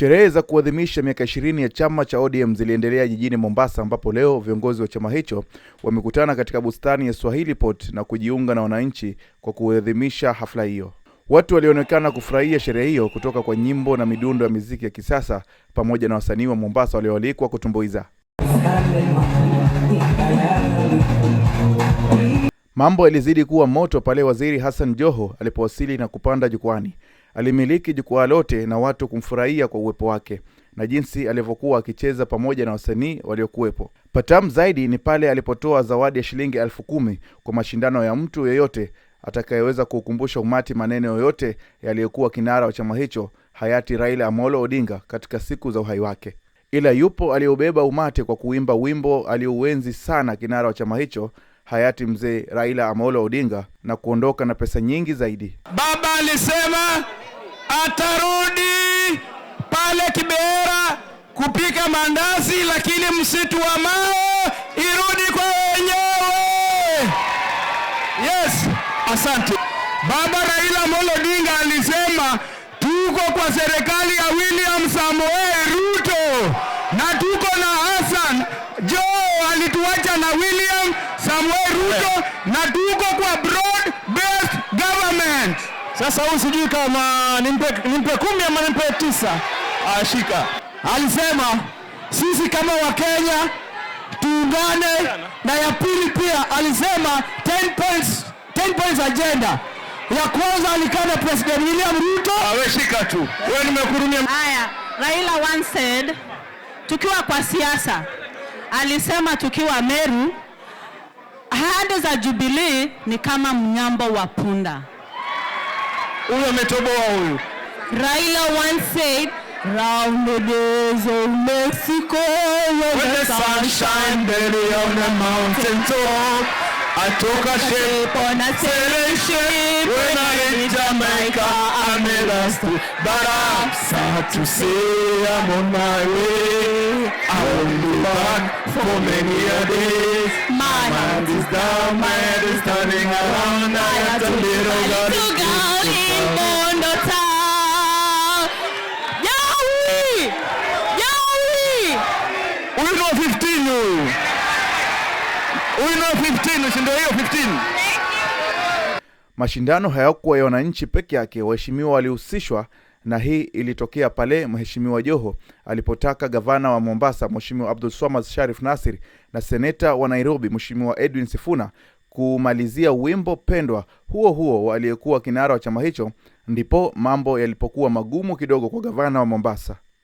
Sherehe za kuadhimisha miaka 20 ya chama cha ODM ziliendelea jijini Mombasa, ambapo leo viongozi wa chama hicho wamekutana katika bustani ya Swahili Port na kujiunga na wananchi kwa kuadhimisha hafla hiyo. Watu walionekana kufurahia sherehe hiyo kutoka kwa nyimbo na midundo ya miziki ya kisasa pamoja na wasanii wa Mombasa walioalikwa kutumbuiza. Mambo yalizidi kuwa moto pale Waziri Hassan Joho alipowasili na kupanda jukwani Alimiliki jukwaa lote na watu kumfurahia kwa uwepo wake na jinsi alivyokuwa akicheza pamoja na wasanii waliokuwepo. Patamu zaidi ni pale alipotoa zawadi ya shilingi elfu kumi kwa mashindano ya mtu yeyote atakayeweza kuukumbusha umati maneno yoyote yaliyokuwa kinara wa chama hicho hayati Raila Amolo Odinga katika siku za uhai wake. Ila yupo aliyeubeba umati kwa kuimba wimbo aliouenzi sana kinara wa chama hicho hayati mzee Raila Amolo Odinga na kuondoka na pesa nyingi zaidi. Baba alisema atarudi pale Kibera kupika mandazi, lakini msitu wa mawe irudi kwa wenyewe. Yes, asante baba. Raila Amolo Odinga alisema tuko kwa serikali ya William Samoei Ruto na tuko na Hassan Joho, alituacha na William Samoei Ruto eh. na tuko kwa bro sasa huyu sijui kama nimpe, nimpe kumi ama nimpe tisa. Ashika ah, alisema sisi kama Wakenya tuungane, na ya pili pia alisema 10 points, 10 points agenda ya kwanza alikana President William Ruto aweshika ah, tu. Wewe nimekurumia. Haya, Raila once said tukiwa kwa siasa, alisema tukiwa Meru, ahadi za Jubilee ni kama mnyambo wa punda. huyu ametoboa huyu. Raila once said round the days of Mexico when, the, the sun shine daily on the mountain top I took a ship on a sailing ship when I hit Jamaica I made a stop but I'm sad to say I'm on my way I won't be back for many a day. my, mind is down my head is turning around Huyu nao 15, si ndio hiyo 15. Mashindano hayakuwa ya wananchi peke yake, waheshimiwa walihusishwa na hii ilitokea pale Mheshimiwa Joho alipotaka gavana wa Mombasa Mheshimiwa Abdul Swamad Sharif Nasir na seneta wa Nairobi Mheshimiwa Edwin Sifuna kumalizia wimbo pendwa huo huo aliyekuwa kinara wa chama hicho, ndipo mambo yalipokuwa magumu kidogo kwa gavana wa Mombasa.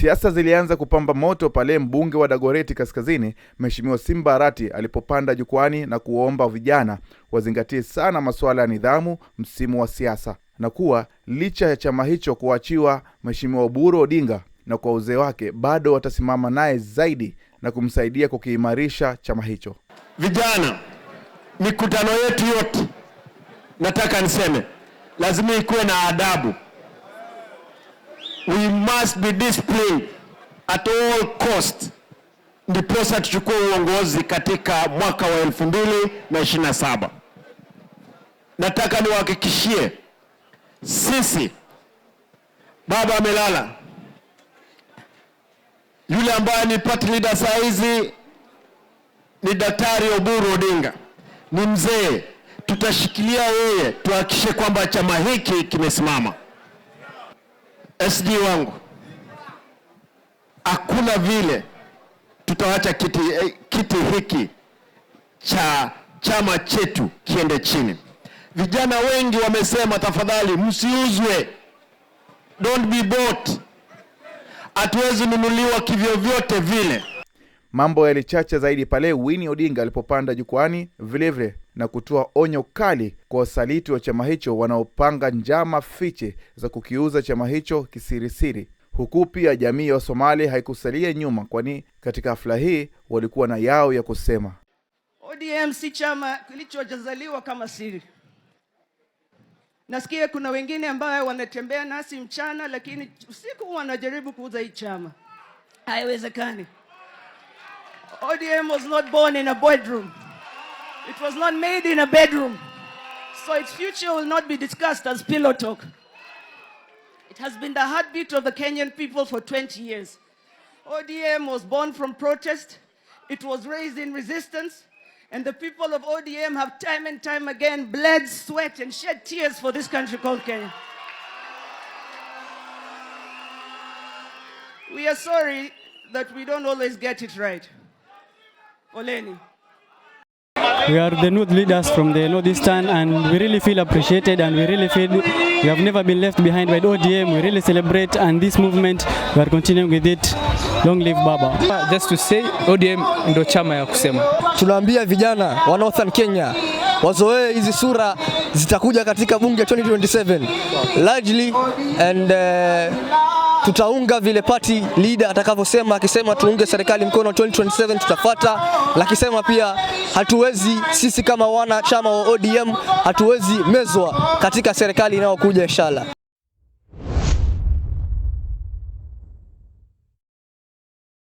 Siasa zilianza kupamba moto pale mbunge wa dagoreti Kaskazini, Mheshimiwa Simba Arati alipopanda jukwani na kuwaomba vijana wazingatie sana masuala ya nidhamu msimu wa siasa, na kuwa licha ya chama hicho kuachiwa Mheshimiwa Oburu Odinga na kwa uzee wake bado watasimama naye zaidi na kumsaidia kukiimarisha chama hicho. Vijana, mikutano yetu yote nataka niseme lazima ikuwe na adabu we must be disciplined at all cost, ndiposa tuchukue uongozi katika mwaka wa elfu Nataka niwahakikishie sisi, baba amelala, yule ambaye ni party leader saa hizi ni Daktari Oburu Odinga, ni mzee. Tutashikilia yeye, tuhakikishe kwamba chama hiki kimesimama. SD wangu, hakuna vile tutawacha kiti, eh, kiti hiki cha chama chetu kiende chini. Vijana wengi wamesema, tafadhali msiuzwe, don't be bought, hatuwezi nunuliwa kivyovyote vile. Mambo yalichacha zaidi pale Winnie Odinga alipopanda jukwani, vilevile na kutoa onyo kali kwa wasaliti wa chama hicho wanaopanga njama fiche za kukiuza chama hicho kisirisiri, huku pia jamii ya Wasomali haikusalia nyuma, kwani katika hafla hii walikuwa na yao ya kusema. ODM si chama kilichojazaliwa kama siri. Nasikia kuna wengine ambayo wanatembea nasi mchana, lakini usiku wanajaribu kuuza hii chama. Haiwezekani. ODM was not born in a boardroom. It was not made in a bedroom. So its future will not be discussed as pillow talk. It has been the heartbeat of the Kenyan people for 20 years. ODM was born from protest, it was raised in resistance, and the people of ODM have time and time again bled, sweat, and shed tears for this country called Kenya. We are sorry that we don't always get it right. Oleni. We are the new leaders from the Northeastern and we really feel appreciated and we really feel we have never been left behind by the ODM. We really celebrate and this movement we are continuing with it. Long live Baba. Just to say ODM ndo chama ya kusema. Tunaambia vijana wa Northern Kenya wazoee hizi sura zitakuja katika bunge 2027 largely and uh, tutaunga vile party leader atakavyosema. Akisema tuunge serikali mkono 2027 tutafuata, lakisema pia hatuwezi sisi kama wana chama wa ODM hatuwezi mezwa katika serikali inayokuja inshallah.